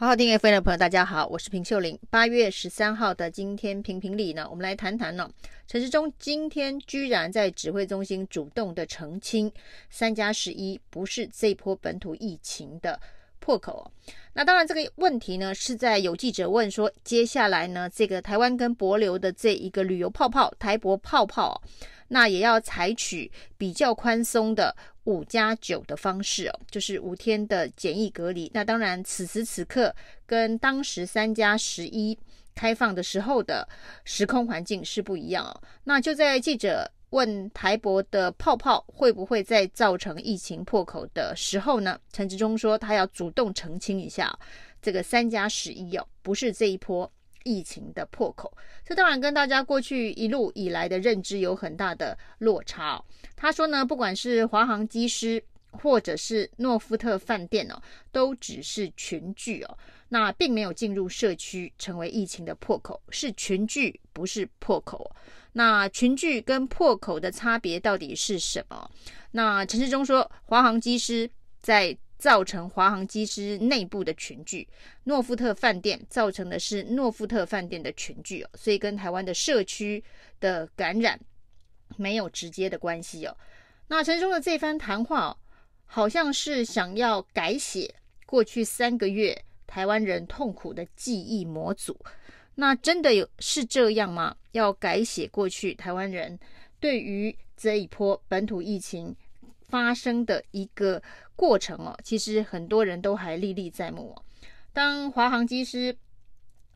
好好聽 FM 的朋友，大家好，我是平秀琳。八月十三號的今天評評理呢，我們來談談呢。陳時中今天居然在指揮中心主動的澄清，三加十一不是這波本土疫情的破口。那當然，這個問題呢是在有記者問說，接下來呢，這個台灣跟帛琉的這一個旅遊泡泡，台帛泡泡，那也要採取比較寬鬆的。五加九的方式哦，就是五天的檢疫隔離。那當然，此時此刻跟當時三加十一開放的時候的時空環境是不一樣哦。那就在記者問台帛的泡泡會不會再造成疫情破口的時候呢？陳時中說他要主動澄清一下，這個三加十一哦，不是這一波。疫情的破口，這當然跟大家過去一路以來的認知有很大的落差哦，他說呢，不管是華航機師或者是諾富特飯店哦，都只是群聚哦，那並沒有進入社區，成為疫情的破口，是群聚，不是破口。那群聚跟破口的差別到底是什麼？那陳時中說，華航機師在，造成華航機師內部的群聚，諾富特飯店造成的是諾富特飯店的群聚哦，所以跟台灣的社區的感染沒有直接的關係哦。那陳時中的這番談話哦，好像是想要改寫過去三個月台灣人痛苦的記憶模組。那真的有是這樣嗎？要改寫過去台灣人對於這一波本土疫情，發生的一個過程哦，其實很多人都還歷歷在目哦。當華航機師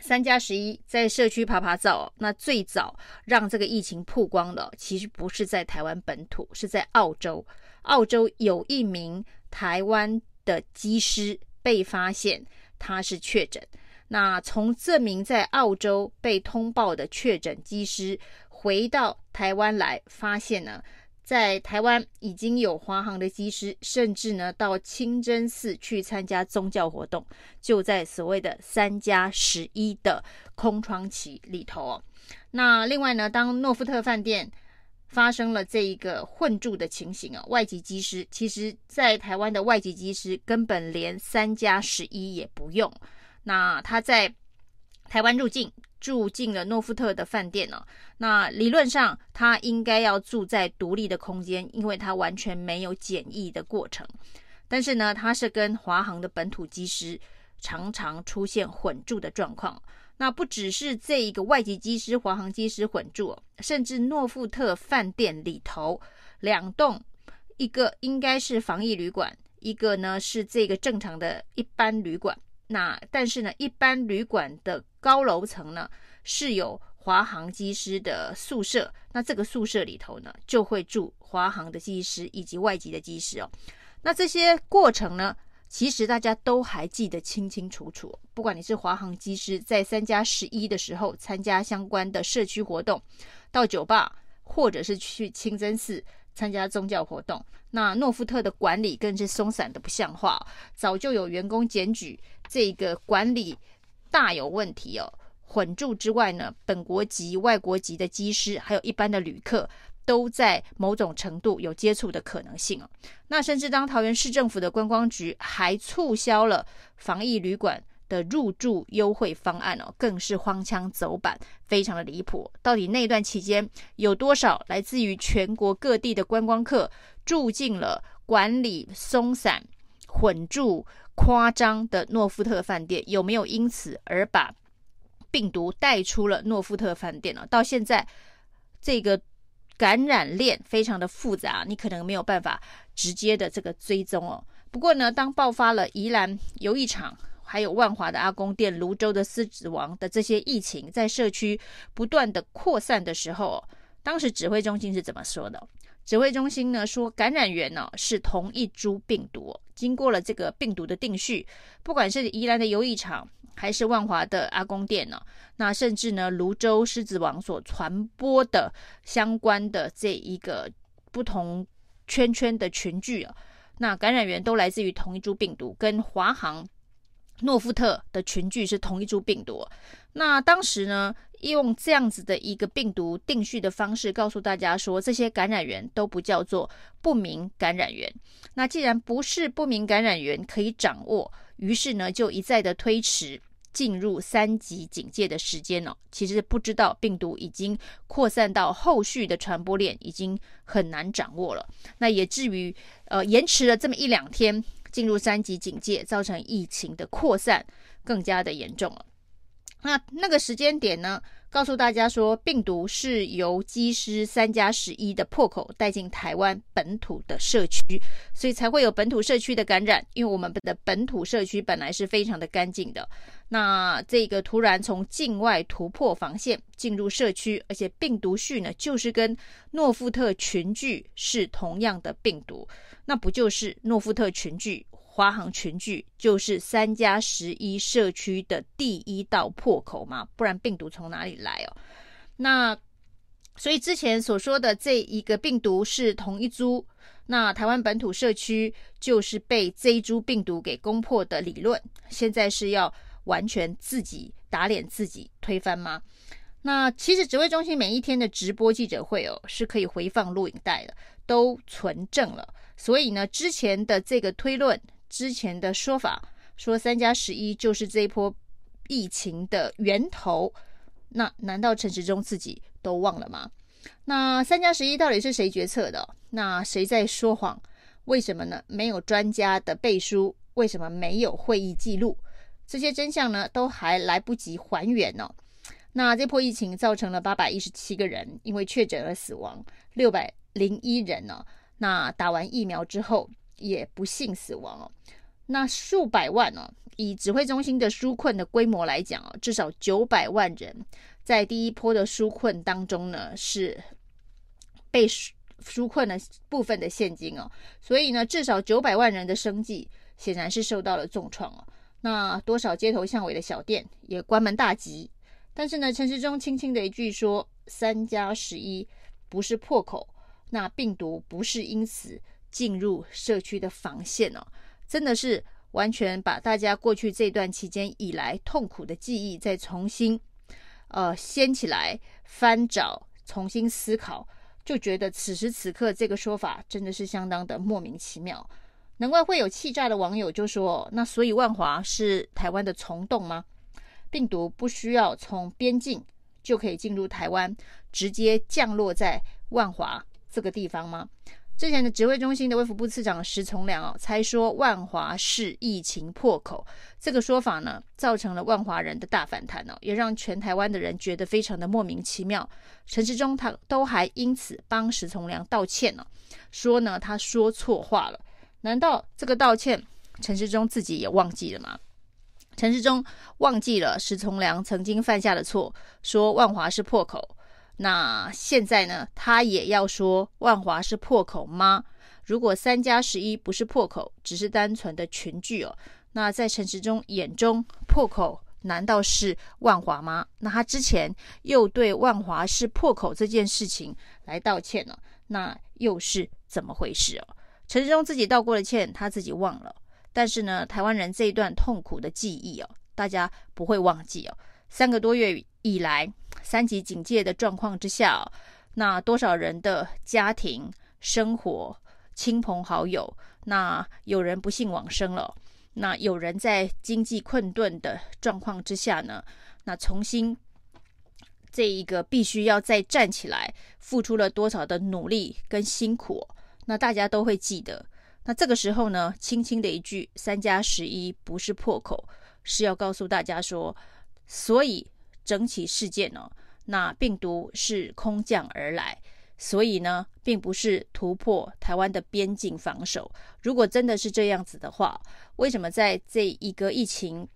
三加十一在社區趴趴走，那最早讓這個疫情曝光的，其實不是在台灣本土，是在澳洲。澳洲有一名台灣的機師被發現他是確診，那從這名在澳洲被通報的確診機師回到台灣來，發現呢。在台灣已經有華航的機師，甚至呢到清真寺去參加宗教活動，就在所謂的三加十一的空窗期裡頭。那另外呢，當諾富特飯店發生了這一個混住的情形啊，外籍機師其實，在台灣的外籍機師根本連三加十一也不用。那他在台灣入境，住進了諾富特的飯店哦，那理論上他應該要住在獨立的空間，因為他完全沒有檢疫的過程。但是呢，他是跟華航的本土機師常常出現混住的狀況。那不只是這一個外籍機師、華航機師混住哦，甚至諾富特飯店裡頭兩棟，一個應該是防疫旅館，一個呢是這個正常的一般旅館。那但是呢，一般旅館的高樓層呢是有華航機師的宿舍，那這個宿舍裡頭呢就會住華航的機師以及外籍的機師哦。那這些過程呢，其實大家都還記得清清楚楚，不管你是華航機師，在三加十一的時候參加相關的社區活動，到酒吧或者是去清真寺。參加宗教活動，那諾富特的管理更是鬆散的不像話，早就有員工檢舉這個管理大有問題哦。混住之外呢，本國籍、外國籍的機師，還有一般的旅客，都在某種程度有接觸的可能性哦。那甚至當桃園市政府的觀光局還促銷了防疫旅館。的入住優惠方案哦，更是荒腔走板，非常的離譜。到底那段期間有多少來自於全國各地的觀光客住進了管理鬆散、混住誇張的諾富特飯店？有沒有因此而把病毒帶出了諾富特飯店呢、哦？到現在這個感染鏈非常的複雜，你可能沒有辦法直接的這個追蹤哦。不過呢，當爆發了宜蘭遊藝場。還有萬華的阿公店，蘆洲的獅子王的這些疫情，在社區不斷的擴散的時候，當時指揮中心是怎麼說的？指揮中心呢說，感染源呢、啊、是同一株病毒，經過了這個病毒的定序，不管是宜蘭的遊藝場，還是萬華的阿公店呢、啊，那甚至呢蘆洲獅子王所傳播的相關的這一個不同圈圈的群聚啊，那感染源都來自於同一株病毒，跟華航。諾富特的群聚是同一株病毒，那當時呢，用這樣子的一個病毒定序的方式，告訴大家說這些感染源都不叫做不明感染源。那既然不是不明感染源，可以掌握，於是呢就一再的推遲進入三級警戒的時間了，哦。其實不知道病毒已經擴散到後續的傳播鏈，已經很難掌握了。那也至於呃延遲了這麼一兩天。進入三級警戒，造成疫情的擴散更加的嚴重了。那那個時間點呢，告訴大家說，病毒是由機師三加十一的破口帶進台灣本土的社區，所以才會有本土社區的感染。因為我們的本土社區本來是非常的乾淨的，那這個突然從境外突破防線進入社區，而且病毒序呢，就是跟諾富特群聚是同樣的病毒，那不就是諾富特群聚？華航群聚就是三加十一社區的第一道破口嘛，不然病毒從哪裡來哦、喔？那所以之前所說的這一個病毒是同一株，那台灣本土社區就是被這一株病毒給攻破的理論，現在是要完全自己打臉自己推翻嗎？那其實指揮中心每一天的直播記者會哦、喔，是可以回放錄影帶的，都存證了，所以呢之前的這個推論。之前的說法說“三加十一”就是這一波疫情的源頭，那難道陳時中自己都忘了嗎？那“三加十一”到底是誰決策的？那誰在說謊？為什麼呢？沒有專家的背書，為什麼沒有會議記錄？這些真相呢，都還來不及還原呢、哦。那這波疫情造成了八百一十七個人因為確診而死亡，六百零一人呢、哦。那打完疫苗之後。也不幸死亡哦。那數百萬呢、啊？以指揮中心的紓困的規模來講哦、啊，至少九百萬人在第一波的紓困當中呢，是被紓困的部分的現金哦、啊。所以呢，至少九百萬人的生計顯然是受到了重創哦、啊。那多少街頭巷尾的小店也關門大吉。但是呢，陳時中輕輕的一句說：“三加十一不是破口，那病毒不是因此。”進入社區的防線哦，真的是完全把大家過去這段期間以來痛苦的記憶再重新，呃，掀起來翻找，重新思考，就覺得此時此刻這個說法真的是相當的莫名其妙。難怪會有氣炸的網友就說：“那所以萬華是台灣的蟲洞嗎？病毒不需要從邊境就可以進入台灣，直接降落在萬華這個地方嗎？”之前的指揮中心的衛福部次長石崇良哦，才說萬華是疫情破口這個說法呢，造成了萬華人的大反彈哦，也讓全台灣的人覺得非常的莫名其妙。陳時中他都還因此幫石崇良道歉呢、哦，說呢他說錯話了，難道這個道歉陳時中自己也忘記了嗎？陳時中忘記了石崇良曾經犯下的錯，說萬華是破口。那現在呢？他也要說萬華是破口嗎？如果三加十一不是破口，只是單純的群聚哦，那在陳時中眼中破口難道是萬華嗎？那他之前又對萬華是破口這件事情來道歉了哦，那又是怎麼回事哦？陳時中自己道過的歉，他自己忘了，但是呢，臺灣人這一段痛苦的記憶哦，大家不會忘記哦。三個多月以來。三級警戒的狀況之下哦，那多少人的家庭生活、親朋好友，那有人不幸往生了，那有人在經濟困頓的狀況之下呢？那重新這一個必須要再站起來，付出了多少的努力跟辛苦，那大家都會記得。那這個時候呢，輕輕的一句“三加十一”不是破口，是要告訴大家說，所以。整起事件哦，那病毒是空降而來，所以呢，並不是突破台灣的邊境防守。如果真的是這樣子的話，為什麼在這一個疫情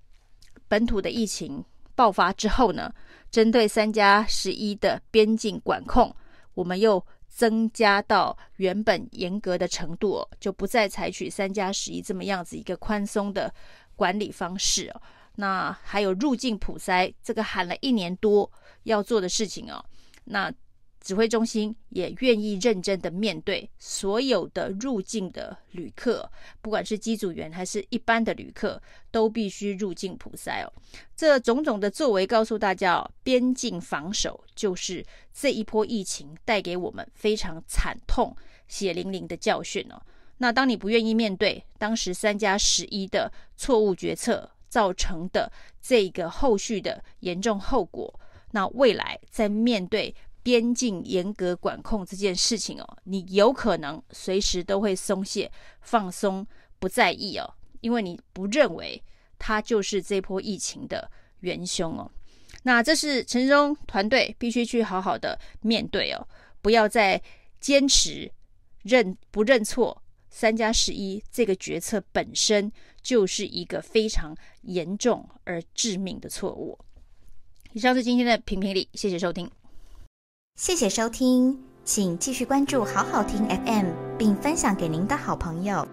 本土的疫情爆發之後呢，針對三加十一的邊境管控，我們又增加到原本嚴格的程度哦，就不再採取三加十一這麼樣子一個寬鬆的管理方式哦。那還有入境普篩，這個喊了一年多要做的事情哦。那指揮中心也願意認真的面對所有的入境的旅客，不管是機組員還是一般的旅客，都必須入境普篩哦。這種種的作為，告訴大家哦，邊境防守就是這一波疫情帶給我們非常慘痛、血淋淋的教訓哦。那當你不願意面對當時三加十一的錯誤決策。造成的這個後續的嚴重後果，那未來在面對邊境嚴格管控這件事情哦，你有可能隨時都會鬆懈、放鬆、不在意哦，因為你不認為他就是這波疫情的元兇哦。那這是陳時中團隊必須去好好的面對哦，不要再堅持認不認錯。三加十一這個決策本身就是一個非常嚴重而致命的錯誤。以上是今天的評評理，謝謝收聽。謝謝收聽，請繼續關注好好聽 FM，並分享給您的好朋友。